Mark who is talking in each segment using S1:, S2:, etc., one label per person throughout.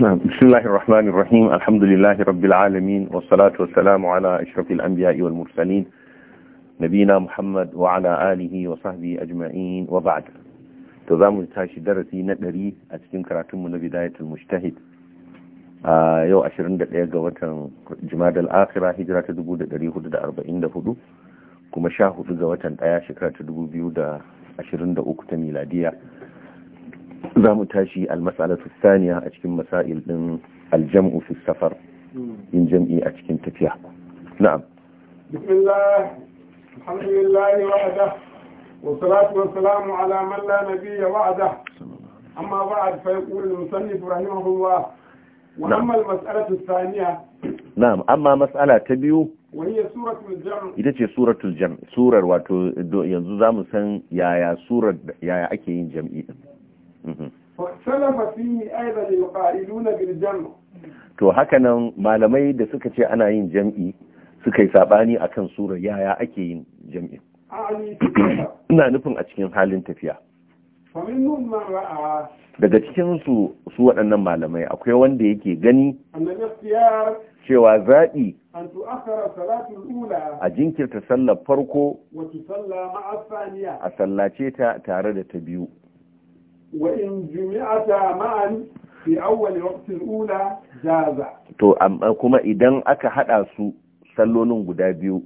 S1: بسم الله الرحمن الرحيم الحمد لله رب العالمين والصلاة والسلام على أشرف الأنبياء والمرسلين نبينا محمد وعلى آله وصحبه أجمعين وبعد تزام تاشي درسي ندري أتكين كراتم لبداية المجتهد آه يو أشرين دقيقة وطن جماد الآخرة هجرة دبو دري هدد أربعين دهدو كما شاهد دقيقة وطن آيا شكرة دبو بيو دا أشرين دا أكتا ميلادية za mu tashi almasalatu saniya a cikin masail din aljam'u fi safar in jam'i a cikin tafiya na'am
S2: bismillah alhamdulillah wahda wa salatu wa salamu ala man la nabiyya wa'ada amma ba'd fa yaqulu al-musannif rahimahullah wa amma al-mas'alatu
S1: na'am amma mas'ala ta biyu ita ce suratul jam surar wato yanzu za san yaya surar yaya ake yin jam'i din Mm-hmm. to haka nan, malamai da suka ce ana yin jam'i suka yi sabani kan sura yaya ake yin jam'i ina nufin a cikin halin tafiya daga cikin su su waɗannan malamai akwai wanda yake gani cewa zaɓi a jinkirta sallar farko a sallace ta tare da ta biyu
S2: وإن جمعتا معا في أول وقت الأولى جازا
S1: تو أم كما إدن أكا حد أسو سلونون قدابيو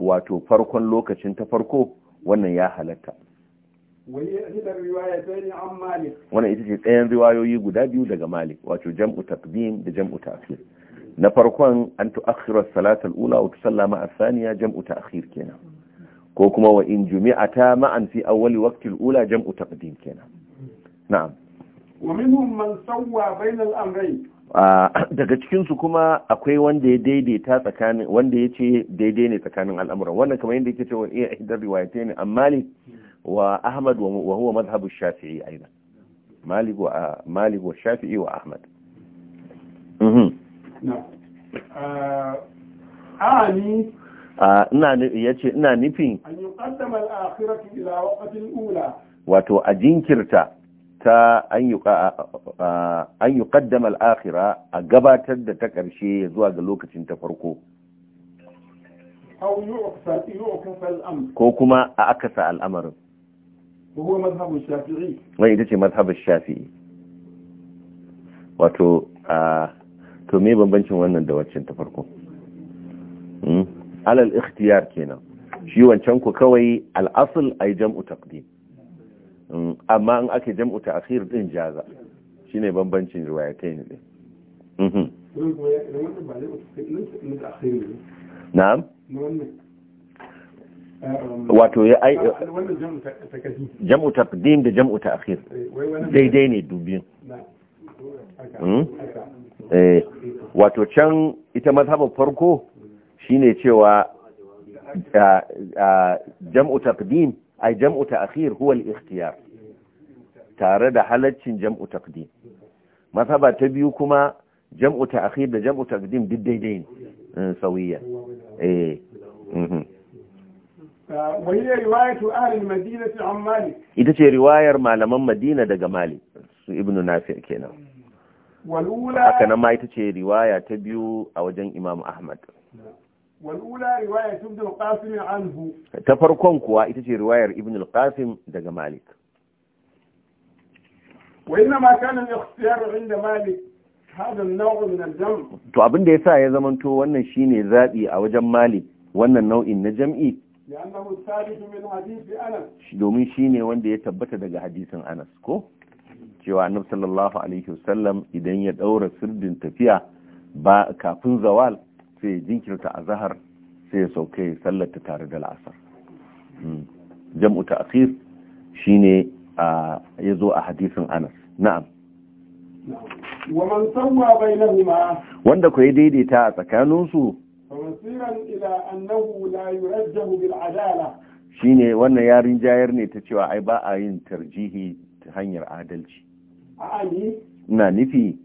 S1: واتو wato لوكا lokacin فرقو وانا يا ya wani ita ce tsayan riwayoyi guda biyu daga malik wato jam'u taqdim da jam'u ta'khir na farkon an tu'akhkhira as-salata al-ula wa tusallama as-thaniya jam'u ta'khir kenan ko kuma wa in jumi'ata ma'an fi awwali waqti al-ula jam'u taqdim kenan na'am
S2: wa minhum man sawwa bainal amrayn
S1: ah, daga cikinsu kuma akwai wanda ya daidaita tsakanin wanda ya ce daidai ne tsakanin al'amuran wannan kamar yadda yake cewa iya ihdar riwayatai ne amma ne wa ahmad wa huwa madhhabu shafi'i aina malik wa malik wa shafi'i wa ahmad mhm
S2: A ani
S1: ah, ah, ina yace ina nufin
S2: an yuqaddama al-akhiratu ila waqtil ula
S1: wato a jinkirta ta an yi kaddama al'akira a gabatar da ta ƙarshe zuwa ga lokacin ta farko ko kuma a akasa al'amarin wani ita ce mazhabar shafi'i wato a to me bambancin wannan da waccan ta farko hmm? alal ikhtiyar kenan shi wancan ku kawai al'asul yi jam'u taqdim Mm, amma in ake jam'u ta akhir din jaza shine bambancin riwayatai ne din mhm. na'am
S2: wato ya ai
S1: jam'u taqdim da jam'u ta'khir daidai ne dubin mm? eh wato can ita mazhabin farko shine cewa jam'u taqdim ai jam'u ta'khir huwa al-ikhtiyar tare da halaccin jam'u taqdim masaba ta biyu kuma jam'u ta'khir da jam'u taqdim duk daidai ne sawiya eh, eh mhm. ita ce riwayar malaman madina daga malik su ibnu nafi' kenan haka nan ma ita ce riwaya ta biyu a wajen imam ahmad
S2: والأولى رواية ابن القاسم عنه
S1: تفرقون كوا إتجي رواية ابن القاسم دق مالك
S2: وإنما كان الاختيار عند مالك هذا النوع من الجمع
S1: تو أبن دي يا زمن تو وانا شيني ذاتي أو جم مالك وانا النوع إن جمعي
S2: لأنه الثالث من حديث أنس
S1: دومين شيني وانا يتبت دق حديث أنس كو cewa annabi sallallahu alaihi wasallam idan ya daura sirdin tafiya ba kafin zawal sai jinkirta a zahar sai ya sauke ya sallata tare da la'asar hmm. jam'u ta shi ne ya zo a hadisin anas na'am
S2: ومن سوى بينهما
S1: وند كو يديديتا تسكانونسو
S2: فمسيرا الى انه لا يرجه بالعداله
S1: shine wannan yarin jayar ne ta cewa ai ba a yin tarjihi ta hanyar adalci a'ani ina nufi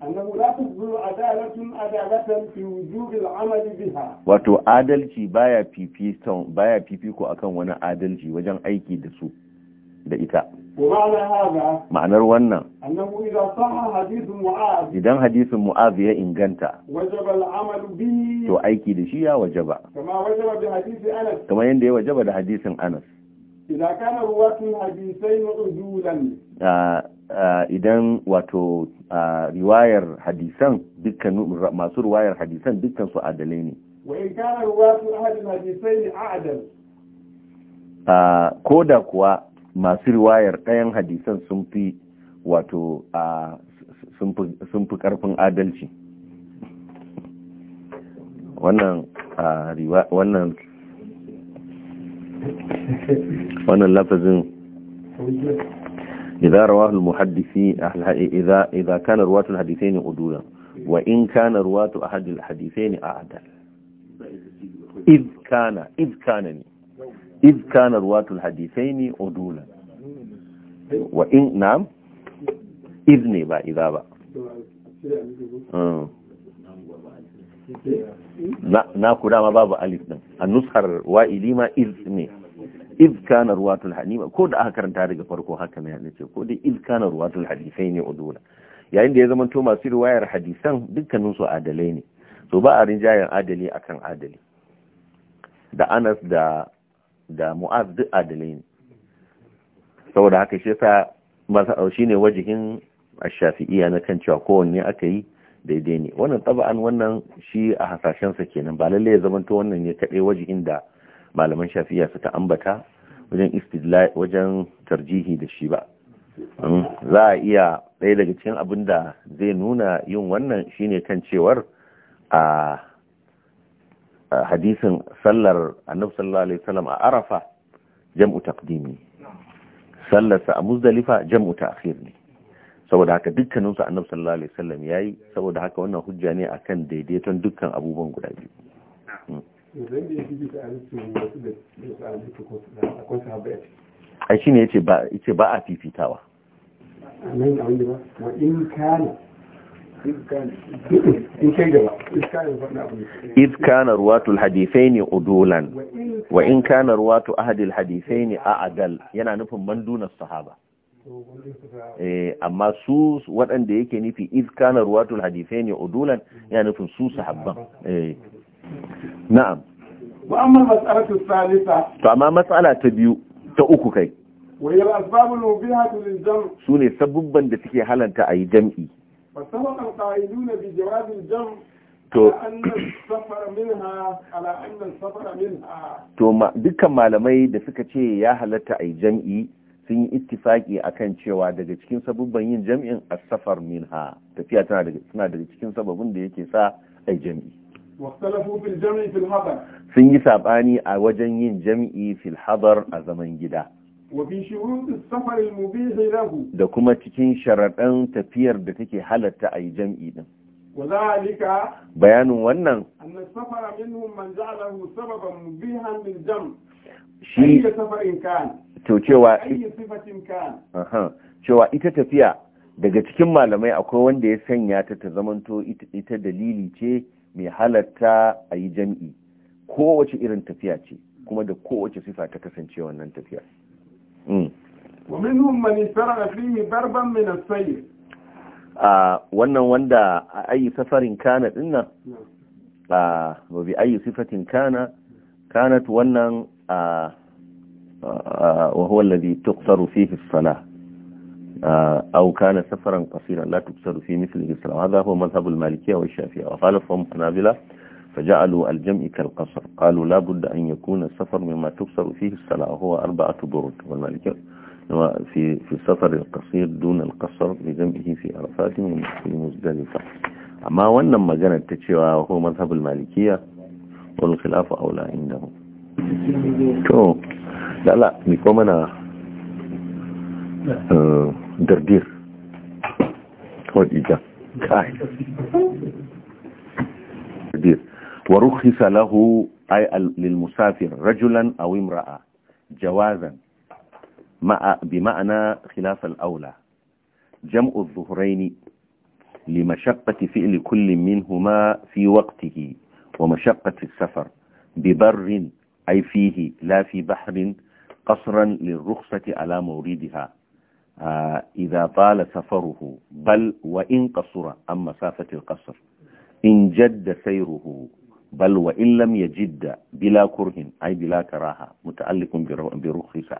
S1: wato adalci baya fifiko baya fifiko akan wani adalci wajen aiki da su da ita ma'anar wannan idan hadisin mu'az ya inganta to aiki da shi ya wajaba kamar yadda ya wajaba da hadisin anas
S2: idan kana ruwatun hadisai na ujulan
S1: idan wato riwayar hadisan dukkan masu riwayar hadisan dukkan su adalai ne
S2: wa in kana ruwatun ahadin hadisai ne a'dal
S1: ko da kuwa masu riwayar ɗayan hadisan sun fi wato sun fi ƙarfin adalci wannan wannan lafazin إذا رواه المحدثين إذا, إذا كان رواة الحديثين عدولا وإن كان رواة أحد الحديثين أعدل إذ كان إذ كان إذ كان رواة الحديثين عدولا
S2: وإن
S1: نعم إذني با إذا با na kuda ma babu alif din a nushar wa'ili ma iz ne iz kana ruwatul hanima ko da aka karanta daga farko haka ne ya ce ko dai iz kana ruwatul hadisai ne udula yayin da ya zama to masu riwayar hadisan dukkanin su adalai ne so ba a rinjayen adali akan adali da Anas da da Mu'az duk adalai ne saboda haka shi yasa masa shine wajihin ash-shafi'iyya na kan cewa kowanne aka yi daidai ne wannan taba'an wannan shi a hasashensa kenan ba lalle ya zamanto wannan ne kaɗai waje inda malaman shafiya suka ambata wajen istidla'i wajen tarjihi da shi ba hmm. za a iya ɗaya daga cikin abin da zai nuna yin wannan shine kan cewar a hadisin sallar annabi sallallahu alaihi wasallam a arafa jam'u taqdimi sallarsa a muzdalifa jam'u ta'khir ne saboda haka dukkaninsu annabi sallallahu alaihi wasallam yayi saboda haka wannan hujja ne akan daidaiton dukkan abubuwan guda biyu a shi ne yace ba a fifitawa إذ كان رواة الحديثين عدولا وإن كان رواة أحد الحديثين أعدل ينا نفهم من دون الصحابة Eh, amma su waɗanda yake nufi izkana ruwatul hadisai ne udulan ya nufin su sahabban eh. na'am
S2: wa amma mas'alatu salisa
S1: to amma matsala ta biyu ta uku kai
S2: wa hiya al-asbabul mubihatu lil-jam'
S1: sune sabubban da suke halanta a yi jam'i
S2: fa sabaqa qailuna bi jawaz jam to
S1: to dukkan malamai da suka ce ya halatta a yi jam'i sun yi ittifaki akan cewa daga cikin sabubban yin jam'in as-safar minha tafiya tana daga suna daga cikin sababin da yake sa ai jam'i
S2: واختلفوا في الجمع في الحضر
S1: sun yi sabani a wajen yin jam'i fil hadar a zaman gida
S2: وفي شروط السفر المبيح له da
S1: kuma cikin sharadan tafiyar da take halatta ai jam'i din
S2: وذلك
S1: bayanin wannan
S2: An أن السفر منهم من جعله سببا مبيحا jam. shi
S1: to cewa cewa ita tafiya daga cikin malamai akwai wanda ya sanya ta ta zamanto ita dalili ce mai halatta a yi jam'i kowace irin tafiya ce kuma da kowace sifa ta kasance wannan tafiya mm. wannan wanda a ayi safarin kana dinnan a bi ayi sifatin kana kanat wannan آه، وهو الذي تقصر فيه الصلاة آه، أو كان سفرا قصيرا لا تقصر فيه مثله الصلاة هذا هو مذهب المالكية والشافعية فهم حنابلة فجعلوا الجمع كالقصر قالوا لا بد أن يكون السفر مما تقصر فيه الصلاة وهو أربعة برد والمالكية في في السفر القصير دون القصر لجمعه في عرفات في مزدلفة أما وأن maganar ta cewa وهو مذهب المالكية والخلاف أولى عندهم تو لا لا ميكوم انا آه، دردير دردير ورخص له اي للمسافر رجلا او امرأة جوازا مع بمعنى خلاف الاولى جمع الظهرين لمشقة فعل كل منهما في وقته ومشقة السفر ببر أي فيه لا في بحر قصرا للرخصة على موردها آه، إذا طال سفره بل وإن قصر عن مسافة القصر إن جد سيره بل وإن لم يجد بلا كره أي بلا كراهة متعلق برخصة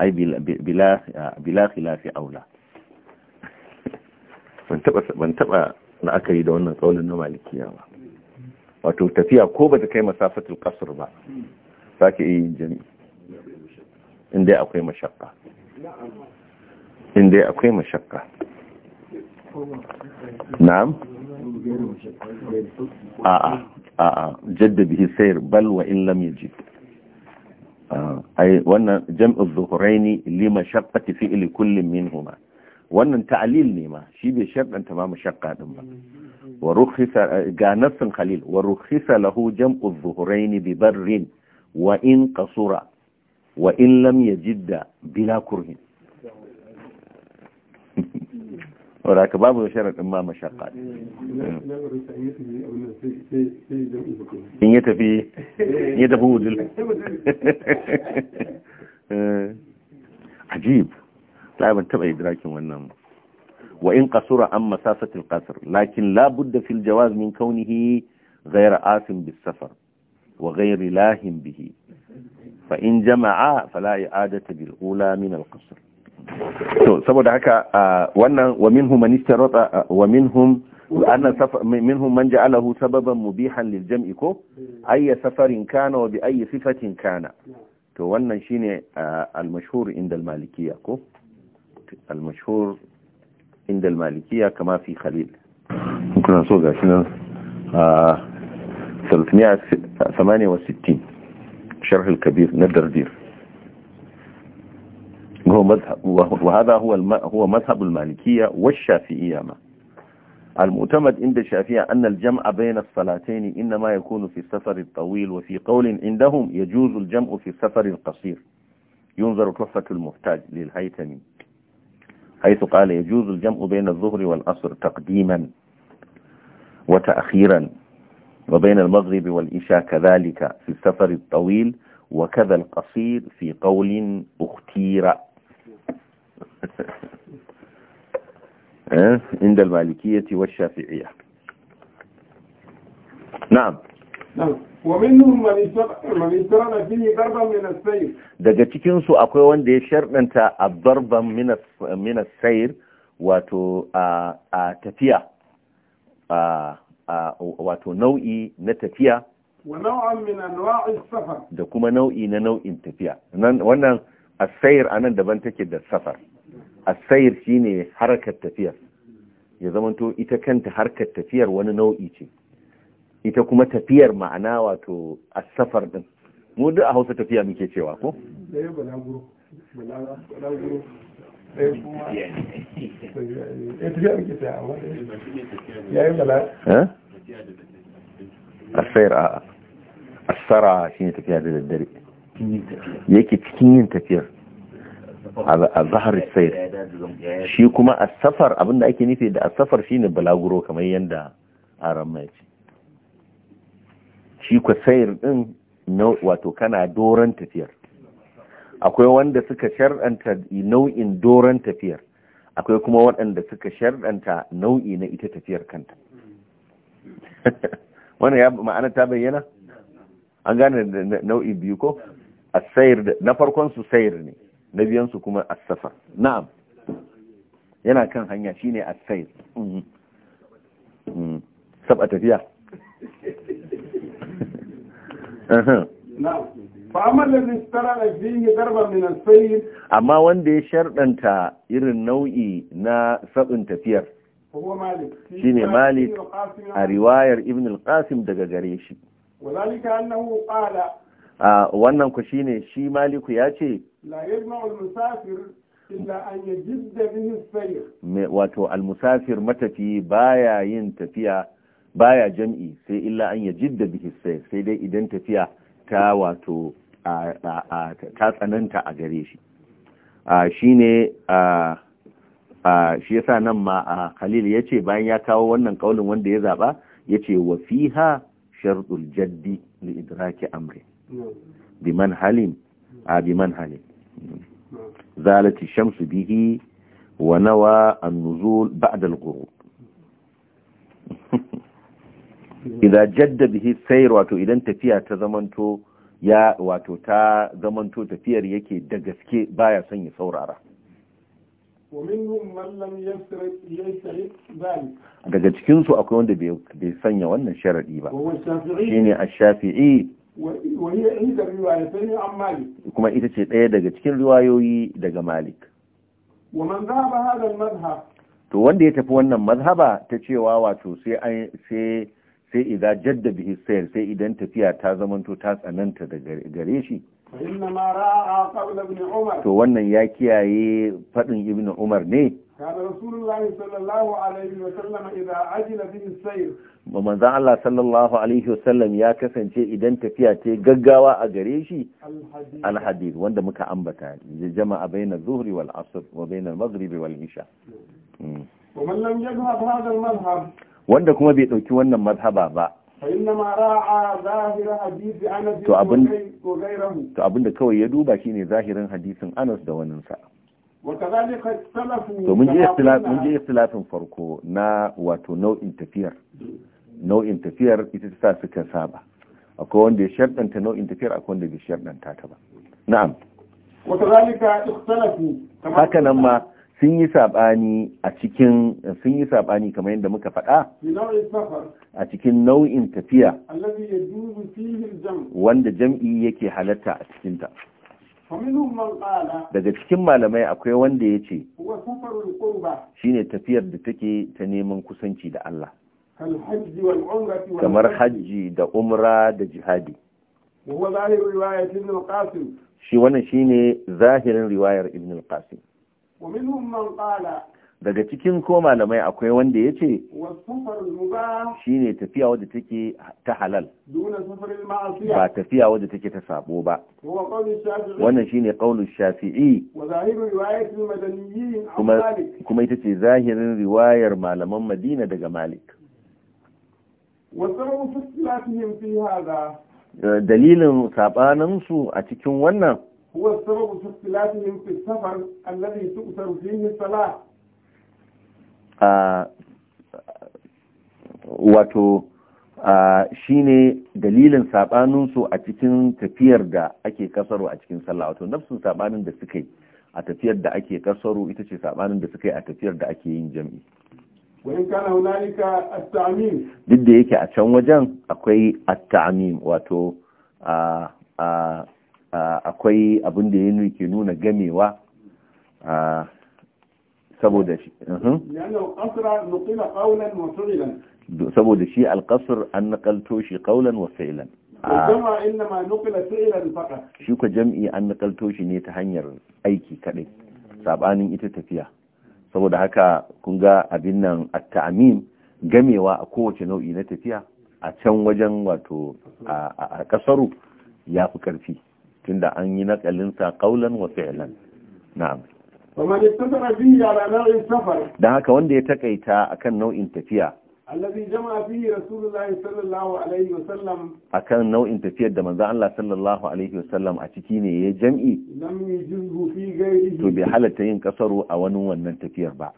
S1: أي بلا, آه، بلا خلاف أولى ban taba la'akari da wannan kaulin na malikiya ba wato tafiya ko ba ta kai masafatul ba za ka iya yin jami'i inda akwai mashakka inda akwai mashakka na'am a'a a'a jadda bihi sayar bal wa in lam yajid ah, ai wannan jam'u dhuhraini li mashaqqati fi'li kullin minhuma wannan ta'alil ne ma shi bai sharɗanta ma mashaqqa din ba wa rukhisa ga nassin khalil wa rukhisa lahu jam'u dhuhraini bi barrin وإن قصر وإن لم يجد بلا كره وراك باب شرط ما مشقة
S2: إن يتفي يتفي ودل
S1: عجيب لا من تبع إدراك وأنه وإن قصر عن مسافة القصر لكن لا بد في الجواز من كونه غير آثم بالسفر wa gairi lahin bihi fa in jama'a fala i'adata bil ula min to saboda haka wannan wa minhum man istarata wa minhum anna minhum man ja'alahu sababan mubihan lil jam'i ko ayya safarin kana wa bi ayyi sifatin kana to wannan shine al mashhur inda al malikiya ko al mashhur inda al malikiya kama fi khalil kuna so gashi nan 368 شرح الكبير دير هو مذهب وهذا هو هو مذهب المالكية والشافعية ما المعتمد عند الشافعية أن الجمع بين الصلاتين إنما يكون في السفر الطويل وفي قول عندهم يجوز الجمع في السفر القصير ينظر تحفة المحتاج للهيثمي حيث قال يجوز الجمع بين الظهر والعصر تقديما وتأخيرا وبين المغرب والإشاء كذلك في السفر الطويل وكذا القصير في قول اختير إيه؟ عند المالكية والشافعية نعم نعم daga من akwai wanda ya sharɗanta a darban minas sayir wato a tafiya a wato nau'i na tafiya da kuma nau'i na nau'in tafiya wannan asayir a nan daban take da safar asayir shine harkar tafiyar ya zamanto ita kanta harkar tafiyar wani nau'i ce ita kuma tafiyar ma'ana wato safar din mu duk a hausa tafiya muke cewa ko asayar a asara shi ne tafiya da daddare yake cikin yin tafiyar a zahar sayar shi kuma a safar abinda ake nufi da a safar shi ne balaguro kamar yadda aran mai ce shi kwa sayar din wato kana doron tafiyar akwai wanda suka shar'anta nau'in doron tafiyar akwai kuma waɗanda suka shar'anta nau'i na ita tafiyar kanta wannan ya ma'ana ta bayyana an gane nau'i biyu ko asayir na farkon su sayir ne na biyan su kuma asafa na'am yana kan hanya shine asayir mm-hmm. mm-hmm. saba tafiya uh-huh. amma wanda ya sharɗanta irin nau'i na sabin tafiyar
S2: shi ne malik a riwayar
S1: ibn al-qasim daga gare shi wannan ku shi ne shi maliku ya ce wato al-musafir matafi baya yin tafiya baya jam'i sai illa an ya jidda bihi sai dai idan tafiya ta wato ta tsananta a gare shi shi ne shi ya sa nan ma a khalil ya ce bayan ya kawo wannan kaulin wanda ya zaba ya ce wa ha sharɗul jaddi li idraki amri biman halin a biman halin. zalati shamsu bihi wa nawa an-nuzul ba'da al-ghurub idan jaddabi sayr wato idan tafiya ta zamanto ya wato ta zamanto tafiyar yake da gaske baya son ya saurara daga cikinsu akwai wanda bai sanya wannan sharaɗi ba shi? ne a shafii kuma ita ce ɗaya daga cikin riwayoyi daga malik to wanda ya tafi wannan mazhaba ta cewa wato sai sai idan jadda bihi sayar sai idan tafiya ta zamanto ta tsananta da gare shi to wannan ya kiyaye faɗin ibn umar ne
S2: kada rasulullahi sallallahu alaihi wa sallam idan ajila bihi sayar
S1: manzon Allah sallallahu alaihi wa sallam ya kasance idan tafiya ta gaggawa a gare shi al-hadid wanda muka ambata jama'a bainar zuhri wal asr wa bainar maghribi wal isha
S2: ومن لم يذهب هذا المذهب
S1: wanda kuma bai ɗauki wannan mazhaba ba to abin da kawai ya duba shine zahirin hadisin anas da sa
S2: to mun je
S1: istilafin farko na wato nau'in tafiyar nau'in tafiyar ita ta sa suka saba akwai wanda ya shaddanta nau'in tafiyar akwai wanda bai shaddanta ta ba na'am haka nan ma sun yi saɓani a cikin sun yi saɓani kamar yadda muka faɗa a cikin nau'in tafiya wanda jam'i yake halatta a cikinta daga cikin malamai akwai wanda ya ce shine tafiyar da take ta neman kusanci da Allah kamar hajji da umra da jihadi shi wannan shine zahirin riwayar ibn al-qasim daga cikin ko malamai akwai wanda ya ce shi ne tafiya wadda take ta halal ba tafiya wadda take ta sabo ba wannan shi ne ƙaunin shafi'i kuma ita ce zahirin riwayar malaman madina daga malik dalilin saɓaninsu a cikin wannan
S2: هو السبب في اختلافهم في السفر الذي تؤثر فيه الصلاة
S1: wato shi ne dalilin saɓaninsu a cikin tafiyar da ake kasaro a cikin sallah wato nafsun saɓanin da suka yi a tafiyar da ake kasaro ita ce saɓanin da suka yi a tafiyar da ake yin jam'i duk da yake a can wajen akwai at-ta'mim wato a akwai abin da ya ke nuna gamewa saboda shi uh-huh. saboda shi alƙasar an naƙalto shi ƙaunan wa fa'ilan ah. shi ku jam'i an naƙalto shi ne ta hanyar aiki kaɗai saɓanin ita tafiya saboda haka kun ga abin nan a ta'amin gamewa a kowace nau'i na tafiya a can wajen wato a ƙasaru ya fi ƙarfi tunda an yi nakalinsa kaulan wa fi'lan na'am da haka wanda ya takaita akan nau'in tafiya
S2: allazi jama'a fi rasulullahi sallallahu alaihi الله عليه
S1: akan nau'in tafiyar da manzo Allah sallallahu alaihi wasallam a ciki ne ya jam'i
S2: lam yujhu fi ghairihi to bai halatta
S1: yin kasaro a wani wannan tafiyar ba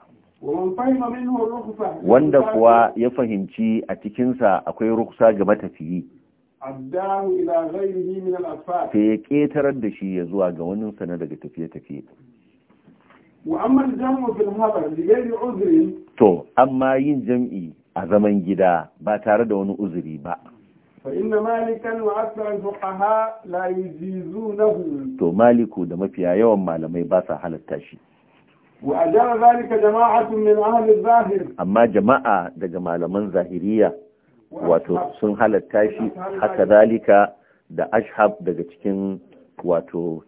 S2: wanda kuwa
S1: ya fahimci a cikinsa akwai ruksa ga matafiyi
S2: addahu ila ghairihi min al-asfar sai
S1: ya da shi ya zuwa ga wani sana daga tafiye-tafiye
S2: wa amma jamu fil hadar li ghairi uzri
S1: to amma yin jam'i a zaman gida ba tare da wani uzuri ba
S2: fa inna malikan wa akthar al-fuqaha la yujizunahu
S1: to maliku da mafiya yawan malamai ba sa halatta shi
S2: wa ajara zalika jama'atun min ahli al zahir?
S1: amma jama'a daga malaman zahiriya
S2: wato
S1: sun halatta shi haka zalika da ashab daga cikin wato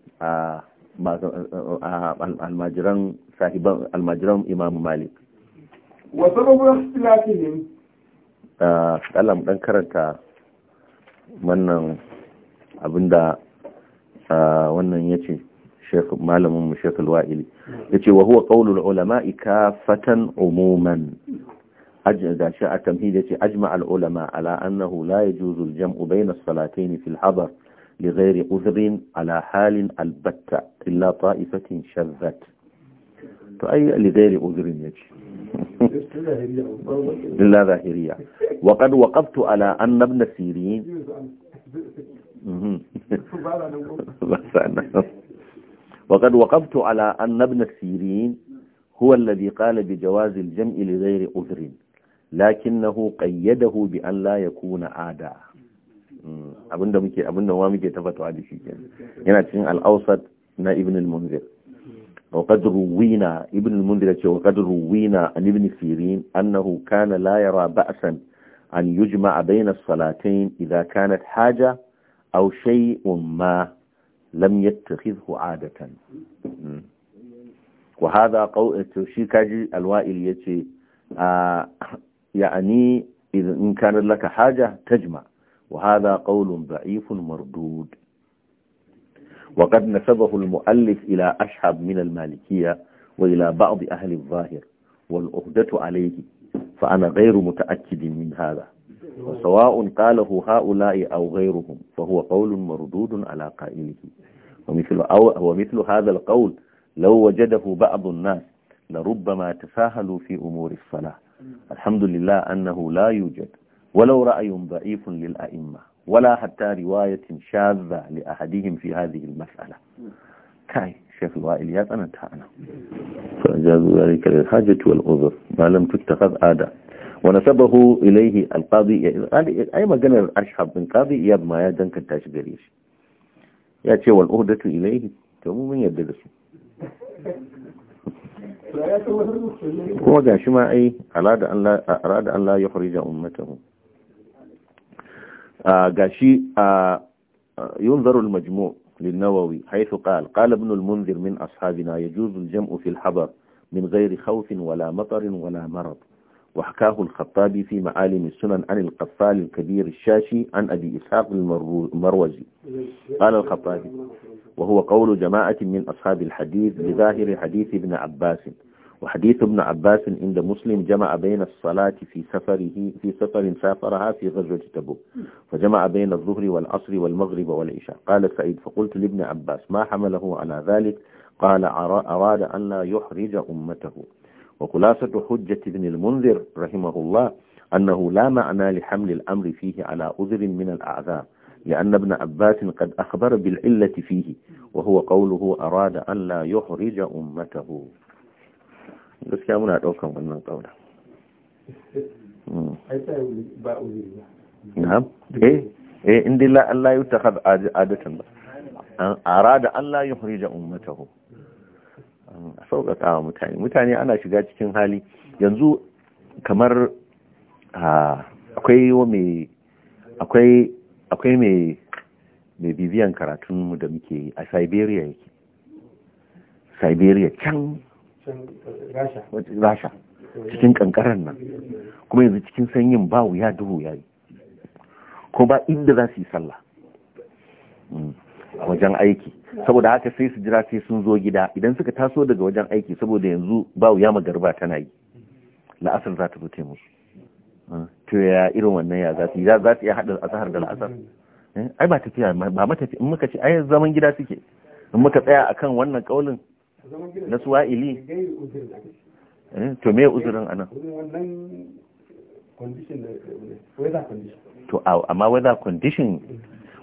S1: almajiran sahiban imam malik
S2: wa sababun ikhtilafihim
S1: Allah mu dan karanta wannan abinda wannan ya ce malamin mu Sheikh ya ce yace wa huwa qawlul ulama'i fatan umuman إذا شاء تمهيدة أجمع العلماء على أنه لا يجوز الجمع بين الصلاتين في الحضر لغير عذر على حال البتة إلا طائفة شذت فأي لغير عذر يجي إلا ظاهرية وقد وقفت على أن ابن سيرين وقد وقفت على أن ابن سيرين هو الذي قال بجواز الجمع لغير عذر lakinnahu qayyadahu bi an la yakuna ada mm. abinda muke abinda wa muke tafatawa da shi yana cikin al-awsat na ibn al-munzir wa qad ruwina ibn al-munzir ce wa qad ruwina an ibn sirin annahu kana la yara ba'san an yujma'a bayna as-salatayn idha kanat haja aw shay'un ma lam yattakhidhu 'adatan mm. wa hadha qawl shi kaji al-wa'il yace ah, يعني إذا إن كانت لك حاجة تجمع وهذا قول ضعيف مردود وقد نسبه المؤلف إلى أشحب من المالكية وإلى بعض أهل الظاهر والأهدة عليه فأنا غير متأكد من هذا وسواء قاله هؤلاء أو غيرهم فهو قول مردود على قائله ومثل, أو ومثل هذا القول لو وجده بعض الناس لربما تساهلوا في أمور الصلاة الحمد لله أنه لا يوجد ولو رأي ضعيف للأئمة ولا حتى رواية شاذة لأحدهم في هذه المسألة كاي شيخ الوائليات أنا تعالى فأجاز ذلك للحاجة والأذر ما لم تتخذ آداء ونسبه إليه القاضي يعني أي ما قال أشحب من قاضي ياب ما يدنك التاشقريش يا شيخ والأهدة إليه تمو من يدرسه
S2: kuma
S1: ga shi ma ai arada Allah ya farija ummatahu ah, ga shi a ah, yunzaru majmu للنووي حيث قال قال ابن المنذر من أصحابنا يجوز الجمع في الحضر من غير خوف ولا مطر ولا مرض وحكاه الخطابي في معالم السنن عن القفال الكبير الشاشي عن أبي إسحاق المروزي قال الخطابي وهو قول جماعة من أصحاب الحديث بظاهر حديث ابن عباس وحديث ابن عباس عند مسلم جمع بين الصلاة في سفره في سفر سافرها في غزوة تبوك فجمع بين الظهر والعصر والمغرب والعشاء قال سعيد فقلت لابن عباس ما حمله على ذلك قال أراد أن لا يحرج أمته وخلاصة حجة ابن المنذر رحمه الله أنه لا معنى لحمل الأمر فيه على أذر من الأعذار لأن ابن عباس قد أخبر بالعلة فيه وهو قوله أراد أن لا يحرج أمته بس كامنا أتوقع من قوله نعم إيه إيه إن لا أن لا يتخذ عادة أراد أن لا يحرج أمته sauƙaƙa wa mutane mutane ana shiga cikin hali yanzu kamar akwai mai akwai akwai mai bibiyan karatunmu da muke yi a siberia yake siberia can rasha
S2: cikin kankaran
S1: nan kuma yanzu cikin sanyin ba wuya duhu ya yi ko ba inda za su yi sallah mm. wajen aiki saboda haka sai su jira sai sun zo gida idan suka taso daga wajen aiki saboda yanzu ba wuya magarba tana yi la'asar za ta zo musu ah, to ya irin wannan ya za su ya za su iya haɗa asahar da la'asar eh, ai ba tafiya ba matafi in muka ce ai zaman gida suke in muka tsaya akan wannan kaulin na suwa'ili eh, to me uzurin anan to amma weather condition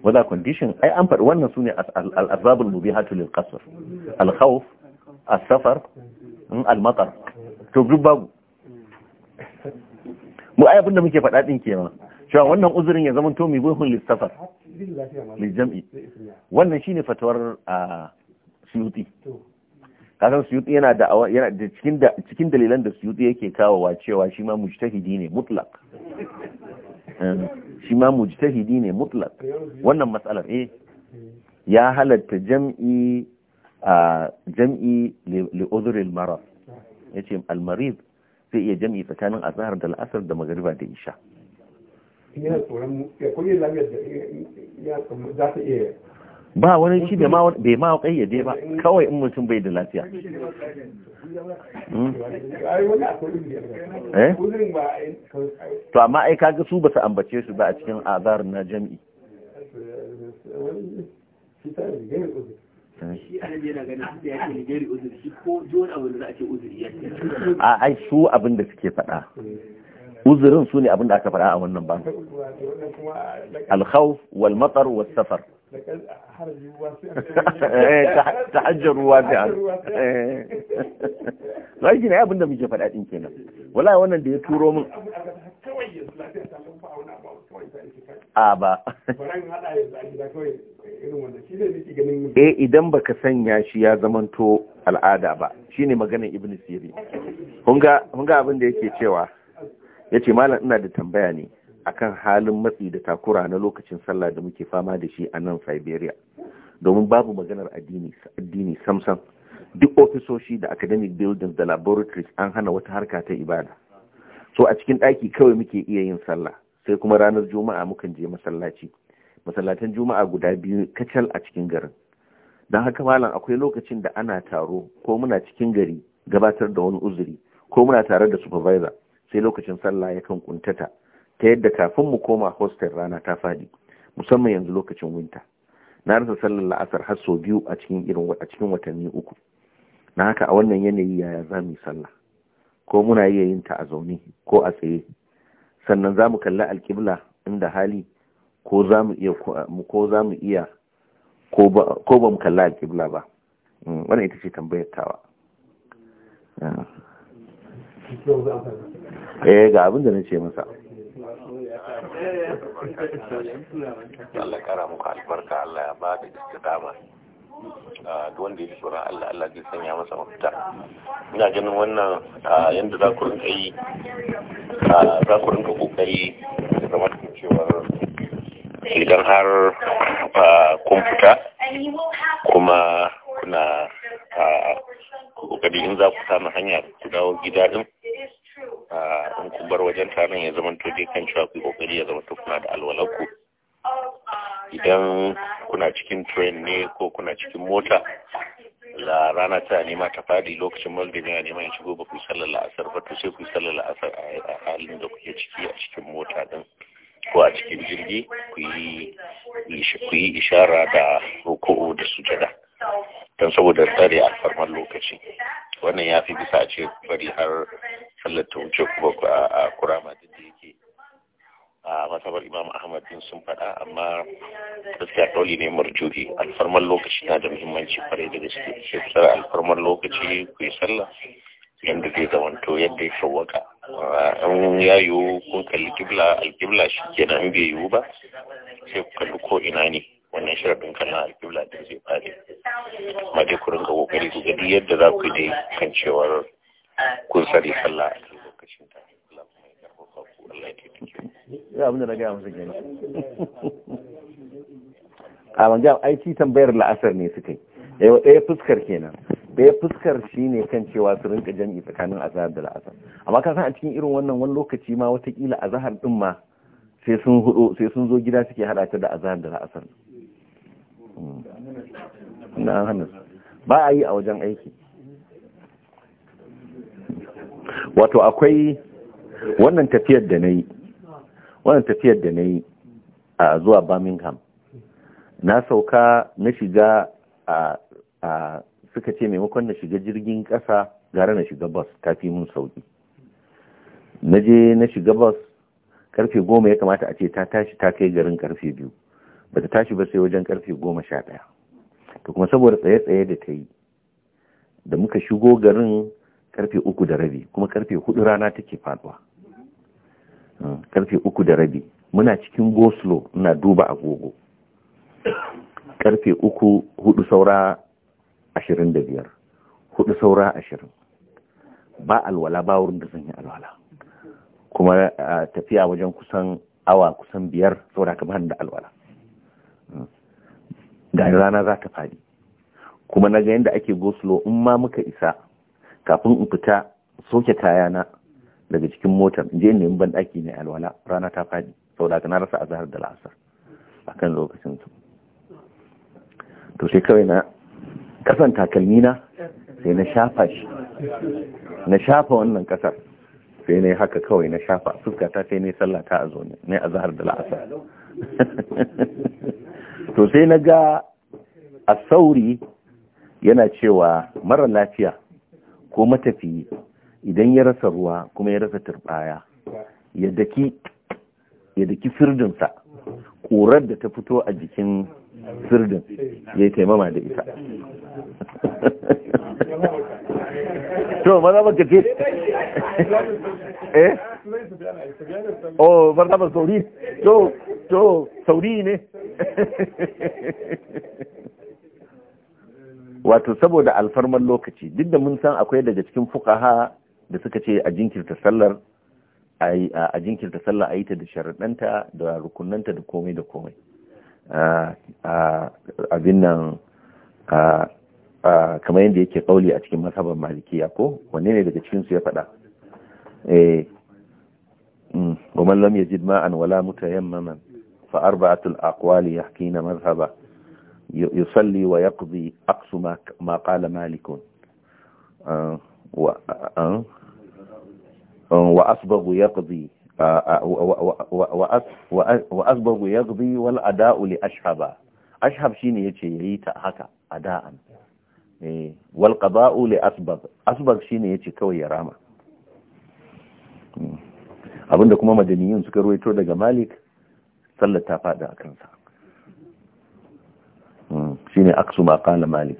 S1: whether condition ai an faɗi wannan sune al-azabul mubihatu lil qasr al-khawf as-safar hmm, al-matar to duk babu mu ai abinda muke faɗa din kenan cewa wannan uzurin ya zama to mubihun lil safar lil jam'i wannan shine fatawar suyuti kasan suyuti yana da yana da cikin da cikin dalilan da suyuti yake kawowa cewa shi ma mujtahidi ne mutlaq Eh, shi ma mujtahidi ne mutlak wannan matsalar eh ya halatta jam'i a jam'i li al marad yace al marid zai iya jam'i tsakanin azhar da la'asar da magriba da isha ba wani shi bai ma kayyade ba kawai in mutum bai da lafiya
S2: hmm? eh?
S1: to amma ai kaga su ba su ambace su ba a cikin azar na jami'i. a ai su abin suke faɗa uzurin su ne abin aka faɗa a wannan ba alkhawf wal matar safar
S2: ta hajjar ruwa ta zai
S1: gina abin da muke faɗa kenan wala wannan da ya turo min a ba eh idan baka sanya shi ya zamanto al'ada ba shine maganar ibn sirri hunga abin da yake cewa yace malam ina da tambaya ne akan halin matsi da takura na lokacin sallah da muke fama da shi a nan Siberia domin babu maganar addini addini samsam duk ofisoshi da academic buildings da laboratories an hana wata harka ta ibada so a cikin ɗaki kawai muke iya yin sallah sai kuma ranar juma'a mukan je masallaci masallatan juma'a guda biyu kacal a cikin garin don haka malam akwai lokacin da ana taro ko muna cikin gari gabatar da wani uzuri ko muna tare da supervisor sai lokacin sallah yakan kuntata ta yadda kafin mu koma hostel rana ta fadi musamman yanzu lokacin winta na rasa sallar la'asar har sau biyu a cikin irin a cikin watanni uku na haka a wannan yanayi yaya za mu yi sallah ko muna iya yin ta a zaune ko a tsaye sannan za mu kalli alƙibla inda hali ko za mu iya ko za mu iya ko ba mu kalli alƙibla ba hmm, wannan ita ce tambayar tawa eh ga abin da na ce masa Allah kara muku albarka Allah ya ba da istidama ah, wanda ya tsoron Allah Allah zai sanya masa mafita ina ganin wannan ah, yadda za ku rinka yi ah, za ku rinka kokari da zama cewa idan har kun fita kuma kuna kokari in za ku samu hanya ku dawo gida din bar wajen taron ya zama to dai kan cewa ku kokari ya zama to kuna da alwalanku idan kuna cikin train ne ko kuna cikin mota la rana ta nema ta fadi lokacin magrib ya nema, ya shigo ba ku sallar la'asar ba to sai ku sallar la'asar a halin da kuke ciki a cikin mota din ko a cikin jirgi ku yi ishara da ruku'u da sujada don saboda tsare alfarmar lokaci wannan ya fi bisa ce bari har sallar wuce kuma a kura duk da yake a masabar imam ahmad bin sun faɗa amma gaskiya ɗauli ne marjuri Alfarman lokaci na da muhimmanci kwarai da gaske shi tsara alfarmar lokaci ku yi sallah yadda zai zamanto yadda ya shawaka an ya yiwu kun kalli kibla alkibla shi kenan bai yiwu ba sai ku kalli ko ina ne wannan sharafin kana alƙibla da zai fare amma dai ku rinka ƙoƙari ku gadi yadda za ku dai kan cewar kun sani sallah a cikin lokacin ta kula kuma ya karfafa ku Allah ya taimake ku ya abin da na gaya musu gani a ban ga tambayar la'asar ne suka yi ɗaya eh, eh, fuskar kenan ɗaya eh, fuskar shi ne kan cewa su rinka jami'a tsakanin azahar da la'asar amma ka san a cikin irin wannan wani lokaci ma watakila azahar ɗin ma sai sun hudu sai sun zo gida suke haɗa ta da azahar da la'asar na hana ba a yi a wajen aiki wato akwai wannan tafiyar da na yi wannan tafiyar da na yi a zuwa birmingham na sauka na shiga a suka ce maimakon na shiga jirgin kasa gara na shiga bus fi mun sauki na je na shiga bus karfe goma ya kamata a ce ta tashi ta kai garin karfe biyu Bata tashi ba sai wajen karfe goma sha ɗaya to kuma saboda tsaye-tsaye da ta yi da muka shigo garin karfe uku da rabi kuma karfe hudu rana take faduwa hmm, karfe uku da rabi muna cikin goslo na duba agogo karfe uku hudu saura ashirin da biyar hudu saura ashirin ba alwala ba wurin da zan yi alwala kuma ah, tafiya wajen kusan awa kusan biyar saura kamar da alwala ga rana za ta faɗi kuma na ga yadda ake goslo in ma muka isa kafin in fita soke na daga cikin motar je in nemi banɗaki mai alwala rana ta faɗi saboda ka na rasa azahar da la'asar kan lokacin su to sai kawai na kasan takalmi na sai na shafa shi na shafa wannan kasar sai na haka kawai na shafa fuska ta sai na sallah ta a zo ne a zahar da la'asar to sai na ga a sauri yana cewa mara lafiya ko matafiyi idan ya rasa ruwa kuma ya rasa turbaya ya daki sirdinsa ƙurar da ta fito a jikin
S2: sirdin ya yi
S1: taimama da ita to maza ba eh oh maza ba sauri to to sauri ne wato saboda alfarman lokaci duk da mun san akwai daga cikin fukaha da suka ce a jinkirta sallar a jinkirta sallar a yi ta da sharaɗanta da rukunanta da komai da komai abin nan kamar yadda yake kauli a cikin masabar malikiya ko wanne ne daga cikinsu ya faɗa eh ya mm, لم wala ماء yamma man. فأربعة الأقوال يحكين مذهبا يصلي ويقضي أقص ما قال مالك وأصبغ يقضي وأصبغ يقضي والأداء لأشهب أشهب شين يتشي يريت هكا أداء والقضاء لأصبغ أصبغ شين يتشي كوي يراما abinda kuma madaniyun suka ruwaito daga malik sallar ta faɗi a kansa hmm, shi ne aksu ma ƙala malik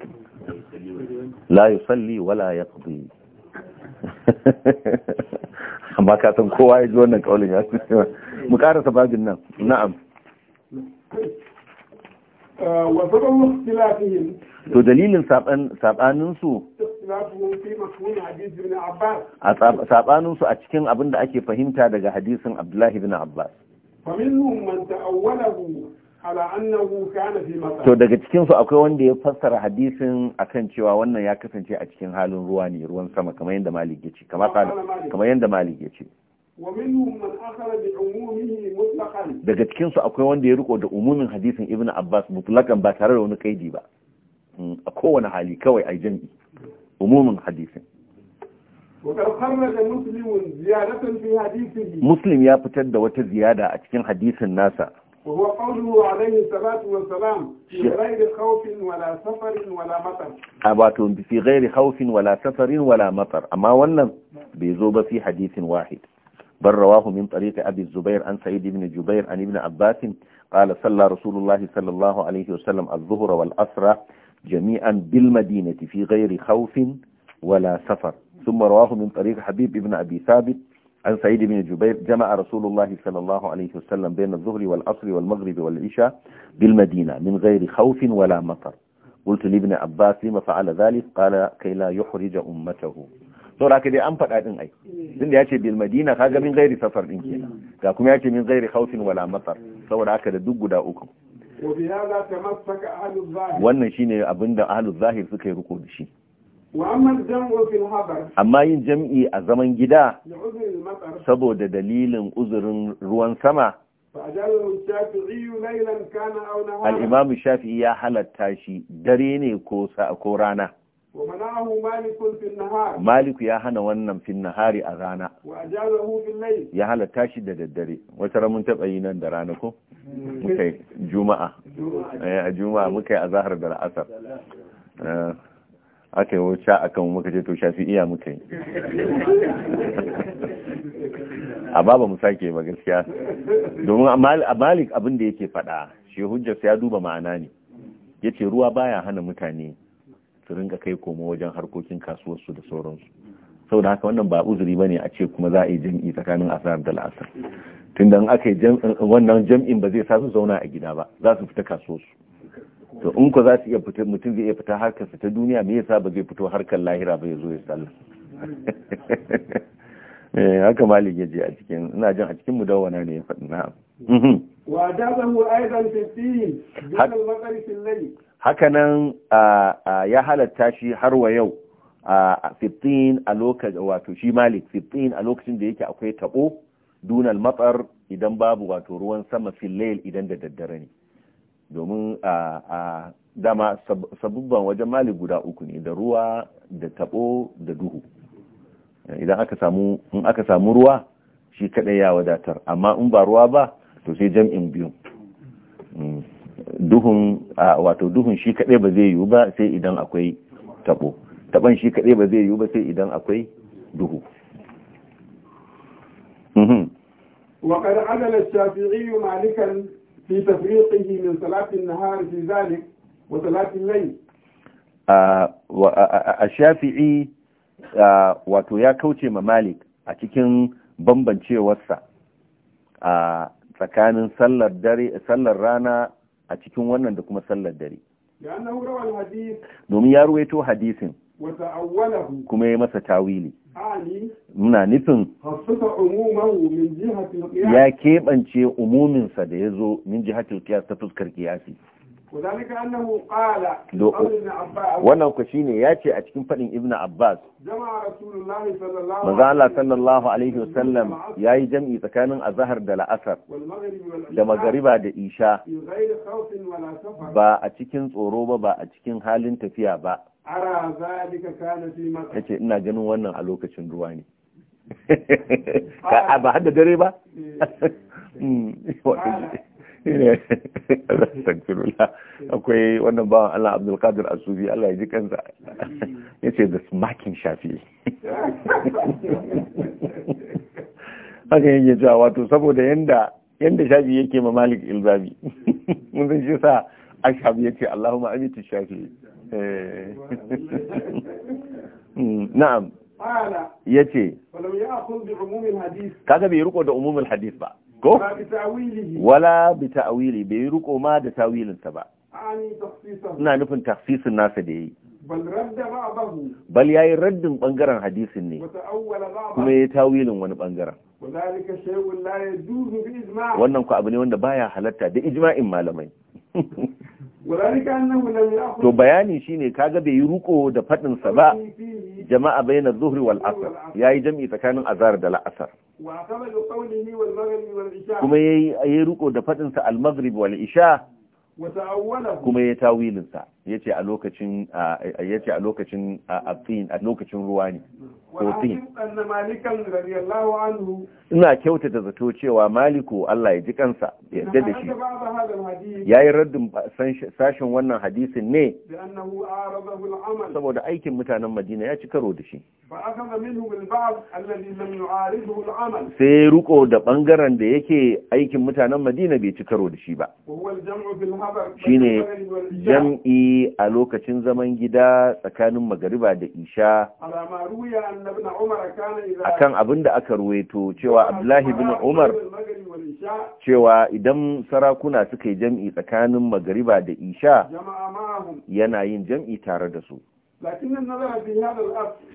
S1: la yi salli wala ya ƙudu amma ka san kowa ya ji wannan ƙaunin ya su mu ƙarasa babin nan na'am to dalilin saɓaninsu a saɓaninsu a cikin abin da ake fahimta daga hadisin abdullahi bin abbas
S2: To daga
S1: cikinsu akwai wanda ya fassara hadisin akan cewa wannan ya kasance a cikin halin ruwa ne ruwan sama kamar yadda Malik ya ce kamar yadda Malik ya ce daga cikinsu akwai wanda ya riko da umumin hadisin ibnu Abbas mutlakan ba tare da wani kaidi ba hmm, a kowane hali kawai a jami'i umumin hadisin مسلم يا فتد دوت زيادة أتكين حديث الناس
S2: وهو قوله عليه الصلاة والسلام في غير خوف ولا سفر ولا مطر
S1: أباتون في غير خوف ولا سفر ولا مطر أما ولم بيزوب في حديث واحد بل رواه من طريق أبي الزبير عن سعيد بن جبير عن ابن عباس قال صلى رسول الله صلى الله عليه وسلم الظهر والأسرة جميعا بالمدينة في غير خوف ولا سفر ثم رواه من طريق حبيب ابن أبي ثابت عن سعيد بن جبير جمع رسول الله صلى الله عليه وسلم بين الظهر والعصر والمغرب والعشاء بالمدينة من غير خوف ولا مطر قلت لابن عباس لما فعل ذلك قال كي لا يحرج أمته da dai an faɗa din ai din da yace bilmadina kaga min gairi safar din kenan ga kuma yace min gairi khawfin wala matsar saboda haka da duk guda uku wannan shine abinda ahlul zahir suka yi ruko da shi amma yin jam'i a zaman gida saboda dalilin uzurin ruwan sama al'imamu shafi'i ya halatta shi dare ne ko rana maliku ya hana wannan fin hari a rana ya halatta shi da daddare wata ramun taɓa yi nan da rana ko muka juma'a eh, a juma'a muka yi a zahar da la'asar eh, aka yi wuce a kan muka ce to shafi'iya muka yi a baba mu sake ba gaskiya domin a malik abin da yake fada shi hujjar ya duba ma'ana ne ya ce ruwa baya hana mutane su rinka kai koma wajen harkokin kasuwarsu da sauransu saboda haka wannan ba uzuri ba ne a ce kuma za a yi jam'i tsakanin asar da la'asar tunda in aka yi wannan jam'in ba zai sa su zauna a gida ba za su fita kasuwarsu to in ku za su iya fita mutum zai iya fita harkar ta duniya me yasa ba zai fito harkar lahira ba ya zo ya sallah eh haka malik yaje a cikin ina jin a cikin mudawana ne ya faɗi na mhm.
S2: wa dabahu aidan fi
S1: haka nan ya halatta shi har wa yau a fitin a lokacin wato shi malik fitin a lokacin da yake akwai tabo dunal matsar idan babu wato ruwan sama fil idan da daddare ne domin a dama sabubban wajen mali guda uku ne da ruwa da tabo da duhu idan aka samu in aka samu ruwa shi kadai ya wadatar amma in ba ruwa ba to sai jam'in biyu mm. duhun wato duhun shi kadai ba zai yiwu ba sai idan akwai tabo taban shi kadai ba zai yiwu ba sai idan akwai duhu
S2: وقد عدل الشافعي مالكا A
S1: shafi'i, من wato ya kauce ma malik a cikin bambancewarsa a tsakanin sallar rana a cikin wannan da kuma sallar dare domin ya ruwaito hadisin kuma ya masa tawili muna nufin ya keɓance umuminsa da ya zo min jihatul qiyas ta fuskar kiyasi. wannan ku shine ya ce a cikin faɗin ibn abbas maza Allah sallallahu alaihi wasallam yi jam'i tsakanin azahar da la'asar
S2: da magariba da isha ba
S1: a cikin tsoro ba ba a cikin halin tafiya ba
S2: ara zalika kana fi masa
S1: ce, ina ganin wannan a lokacin ruwa ne ka ba hada dare ba eh. hmm. akwai wannan bawan Allah Abdul Asubi Allah ya ji kansa hmm. ce da smakin shafi haka yake cewa wato saboda yanda yanda shafi yake ma Malik Ilzabi mun san shi sa ya ce, Allahumma amiti shafi Eh. Mm, na'am ya ce kaga bai riko da umumin hadis ba ko wala bi ta'wili bai riko ma da tawilinsa ba ina nufin tafsisin nasa da yayi bal yayi raddin bangaren hadisin ne kuma yayi tawilin wani bangaren wannan ku abu ne wanda baya halatta da ijma'in malamai to bayani shine kaga bai yi ruko da fadin ba jama'a bayna zuhri wal asr yayi jam'i tsakanin azhar da la'asar
S2: kuma yayi yayi
S1: ruko da fadin sa al maghrib wal isha kuma yayi tawilin sa yace a lokacin yace a lokacin a a lokacin ruwa ne ko tin ina kyautata zato cewa maliku Allah ya ji kansa ya yarda da shi yayi raddin sashen wannan hadisin ne saboda aikin mutanen Madina ya ci karo da shi sai ruko da bangaren da yake aikin mutanen Madina bai ci karo da shi ba
S2: shine jam'i
S1: a lokacin zaman gida tsakanin magariba da isha a kan abin da aka ruwaito cewa abdullahi bin umar cewa idan sarakuna suka yi jam'i tsakanin magariba da isha yana yin jam'i tare da su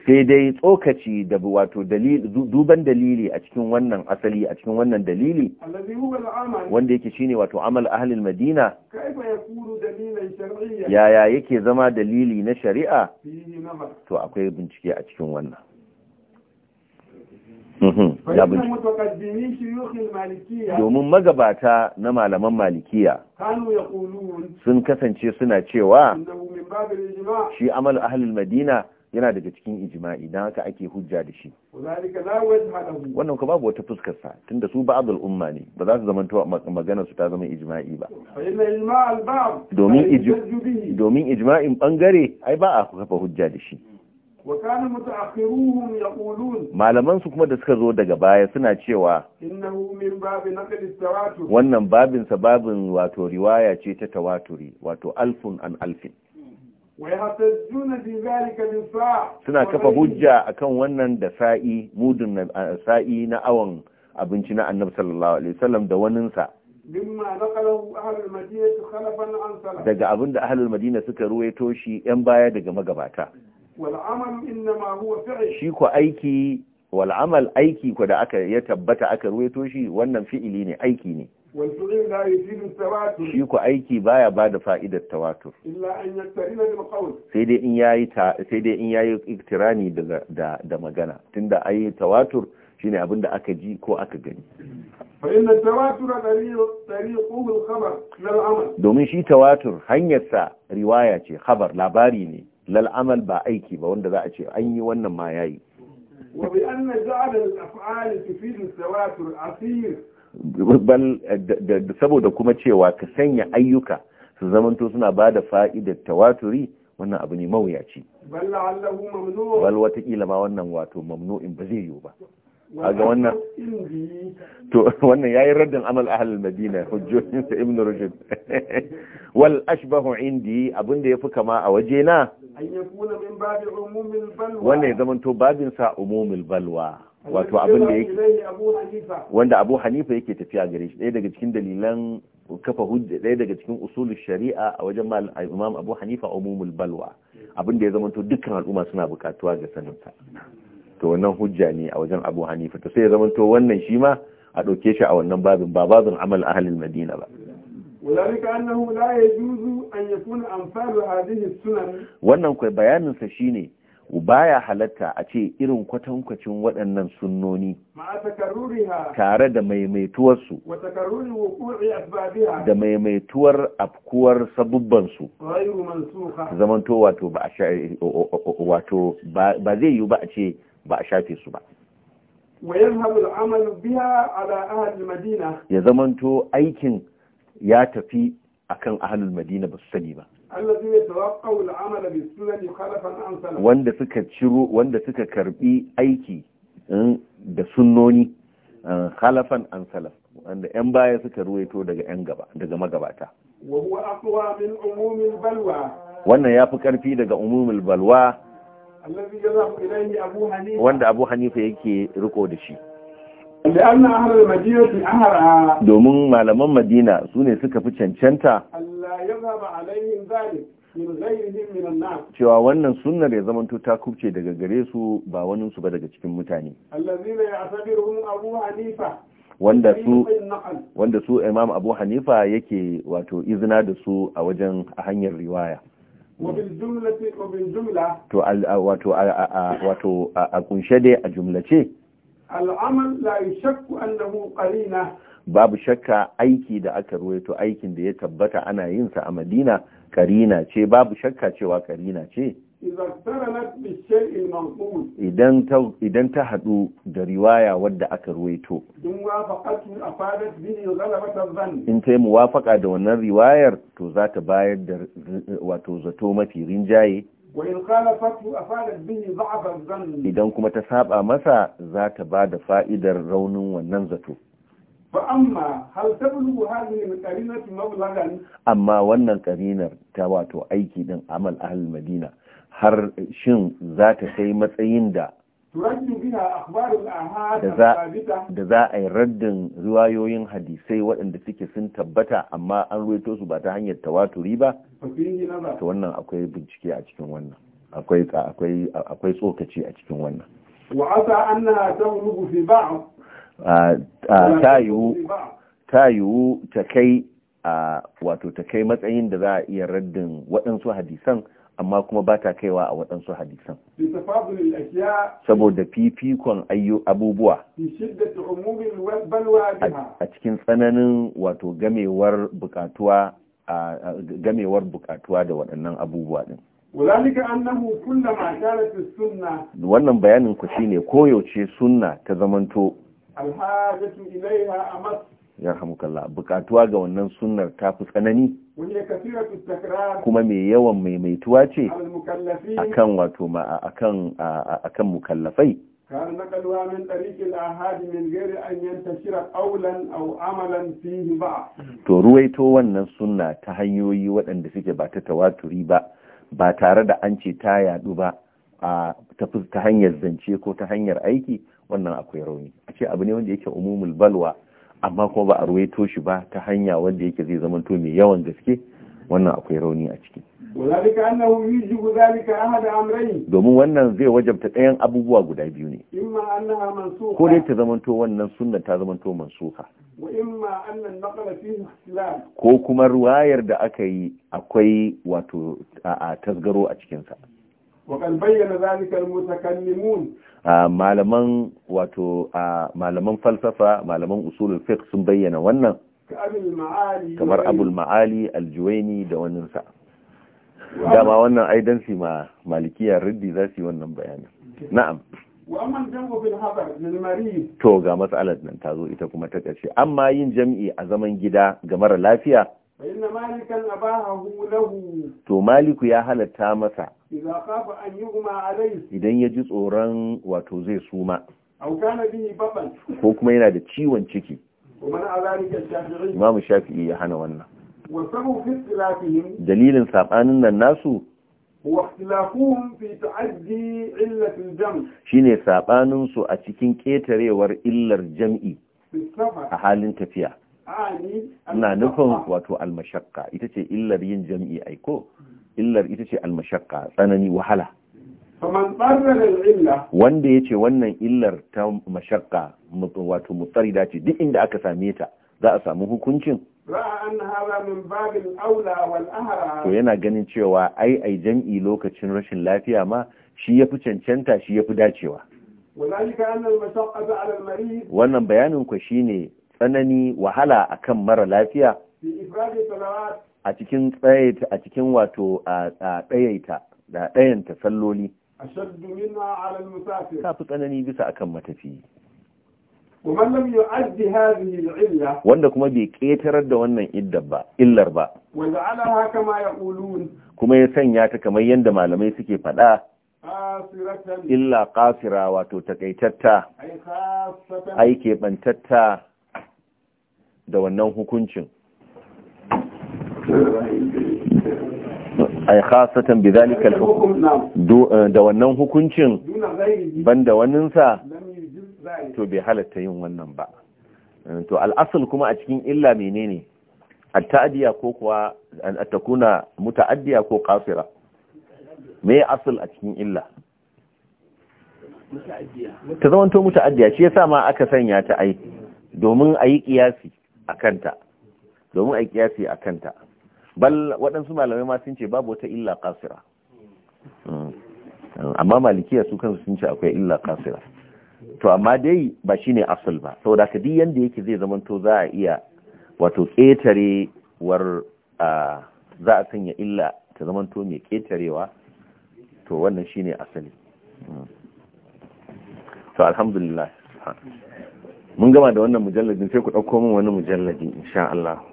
S1: sai dai tsokaci da wato duban dalili a cikin wannan asali a cikin wannan dalili wanda yake shine wato amal ahlil madina yaya yake zama dalili na shari'a to akwai bincike a cikin wannan Mhm, domin magabata na malaman malikiya sun kasance suna cewa shi amal ahalul madina yana daga cikin ijma'i don haka ake hujja da shi wannan ka babu wata fuskarsa tunda su abu umma ne ba za su zama to magana su ta zama ijma'i ba
S2: domin
S1: ijma'in bangare ai ba a kafa hujja da shi malaman su kuma da suka zo daga baya suna cewa
S2: babin wannan
S1: babinsa babin wato riwaya ce ta tawaturi wato alfun an alfin
S2: juna sa? suna kafa hujja
S1: akan wannan da sa'i mudun sa'i na awon abinci na annabi sallallahu alaihi wasallam da waninsa daga abin da ahlul madina suka ruwaito shi yan baya daga magabata shi ku aiki wal'amal aiki ku da aka ya tabbata aka ruwaito shi wannan fi'ili ne aiki ne shi ku aiki baya ba da fa'idar tawatur sai dai in yayi sai dai in yayi iktirani da da magana tunda ayi tawatur shine abin da aka ji ko aka gani domin shi tawatur hanyarsa riwaya ce habar labari ne lal amal ba aiki ba wanda za a ce an yi wannan ma yayi bal saboda kuma cewa ka sanya ayyuka su zamanto suna ba da fa'idar tawaturi wannan abu ne mawuyaci
S2: bal
S1: watakila ma wannan wato mamnu'in ba zai yiwu ba ga wannan to wannan yayi raddin amal ahal madina hujjojin sa ibn rushd wal ashbahu indi ya yafi kama a waje na wanda ya zamanto babinsa umumul balwa wato abin da yake wanda abu hanifa yake tafiya gare shi ɗaya daga cikin dalilan kafa hujja ɗaya daga cikin usulul shari'a a wajen imam abu hanifa umumul balwa abin da ya zamanto dukkan al'umma suna bukatuwa ga saninsa to wannan hujja ne a wajen abu hanifa to sai ya zamanto wannan shi ma a ɗauke shi a wannan babin ba babin amal ahalin madina ba
S2: وذلك أنه لا يجوز أن يكون أمثال هذه السنن
S1: wannan kai bayanin sa shine baya halatta a ce irin kwatankwacin waɗannan sunnoni tare da maimaituwarsu da maimaituwar afkuwar sabubbansu zamanto wato ba wato ba zai yiwu ba a ce ba a shafe su ba
S2: hadu madina.
S1: ya zamanto aikin ya tafi akan ahlul madina ba su sani ba wanda suka ciro wanda suka karbi aiki eh, da sunnoni eh, khalafan an salaf wanda yan baya suka ruwaito daga yan gaba daga magabata wannan ya fi karfi daga umumul balwa wanda abu hanifa yake riko da shi domin malaman madina su ne suka fi cancanta cewa wannan sunnar ya zamanto ta kubce daga gare su ba wani su ba daga cikin mutane wanda su wanda su imam abu hanifa yake wato izina da su a wajen a hanyar riwaya to wato a kunshe dai a jumlace
S2: al'amal la shakku annahu qarina
S1: babu shakka aiki da aka ruwaito aikin da ya tabbata ana yin sa a Madina karina ce babu shakka cewa karina ce idan ta haɗu da riwaya wadda aka ruwaito in ta yi muwafaka da wannan riwayar to za ta bayar da wato zato mafi rinjaye
S2: wa in khalafatu afadat bihi dha'f al-dhann idan
S1: kuma ta saɓa masa za ta ba da fa'idar raunin wannan zato
S2: fa amma hal tablu hadhihi al-karimah mablagan
S1: amma wannan karinar ta wato aiki ɗin amal ahli madina har shin za ta kai matsayin da da za a yi raddin riwayoyin hadisai waɗanda suke sun tabbata amma an ruwaito su ba ta hanyar tawaturi ba ta wannan akwai bincike a cikin wannan akwai tsokaci a cikin wannan ta yiwu ta kai matsayin da za a iya raddin waɗansu hadisan amma kuma ba ta kaiwa a waɗansu hadisan. Saboda fifikon ayyu abubuwa a cikin tsananin wato gamewar bukatuwa da waɗannan abubuwa ɗin. Wannan bayanin ku shine koyaushe sunna ta zamanto. Kalla, bukatuwa ga wannan sunnar ta fi tsanani kuma mai yawan maimaituwa ce A kan wato ma a kan mukallafai
S2: كان نقلها amalan ba? to
S1: ruwaito wannan sunna ta hanyoyi waɗanda suke ba ta tawaturi ba ba tare da an ce ta yadu ba a ta hanyar zance ko ta hanyar aiki wannan akwai rauni a ce abu ne wanda yake umumul balwa amma kuma ba a ruwaito shi ba ta hanya wanda yake zai zama to mai yawan gaske wannan akwai rauni a ciki domin wannan zai wajabta ɗayan abubuwa guda biyu ne ko dai ta to wannan sunna ta zamanto mansuha ko kuma ruwayar da aka yi akwai wato a tasgaro a cikinsa
S2: bayyana بين ذلك المتكلمون
S1: malaman wato malaman falsafa malaman usulul fiqh sun bayyana wannan kamar abul ma'ali aljuwaini da waninsa dama wannan aidan ma malikiya riddi za su yi wannan bayanin na'am to ga matsalar nan ta zo ita kuma ta ƙarshe amma yin jam'i a zaman gida ga mara lafiya to maliku ya halatta masa
S2: idan
S1: ya ji tsoron wato zai suma ko kuma yana da ciwon ciki imamu shafi'i ya hana wannan dalilin saɓanin nan nasu ne saɓaninsu a cikin ƙetarewar illar jam'i a halin tafiya
S2: ina nufin
S1: wato almashakka ita ce illar yin jam'i aiko illar ita ce almashakka tsanani wahala wanda ya ce wannan illar ta mashakka wato mutsarida ce duk inda aka same ta za a samu hukuncin to yana ganin cewa ai ai jam'i lokacin rashin lafiya ma shi ya fi cancanta shi ya fi dacewa wannan bayanin ku shine tsanani wahala akan mara lafiya a cikin tsayaita a cikin wato a tsayaita da tsayanta salloli
S2: ashaddu ala
S1: ta fi tsanani bisa akan kan
S2: ومن لم
S1: wanda kuma bai ƙetarar da wannan iddar ba illar ba
S2: kama yaqulun
S1: kuma ya sanya ta kamar yadda malamai suke faɗa illa qasira wato takaitatta ai keɓantatta da wannan hukuncin Ai khasatan bidhalika al-hukm eh, da wannan hukuncin banda wannan sa to bai halatta yin wannan ba eh, to al-asl kuma a cikin illa menene at-ta'diya ko kuwa an takuna muta'addiya ko qasira me asl a cikin illa ta zamanto muta'addiya shi yasa ma aka sanya ta ai domin ayi kiyasi akanta domin ayi kiyasi akanta bal waɗansu malamai ma sun ce babu wata illa kasira hmm. amma malikiya su kansu sun ce akwai illa kasira to amma dai ba shine asal ba saboda ka duk yanda yake zai zama to za a iya wato ƙetare war za a sanya illa ta zama to mai ƙetarewa to wannan shine asali hmm. to alhamdulillah mun gama da wannan mujalladin sai ku ɗauko min wani mujalladi insha Allah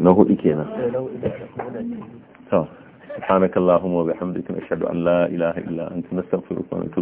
S1: Eh, na hudu kenan to subhanakallahumma wa bihamdika nashhadu an la ilaha illa anta nastaghfiruka wa natubu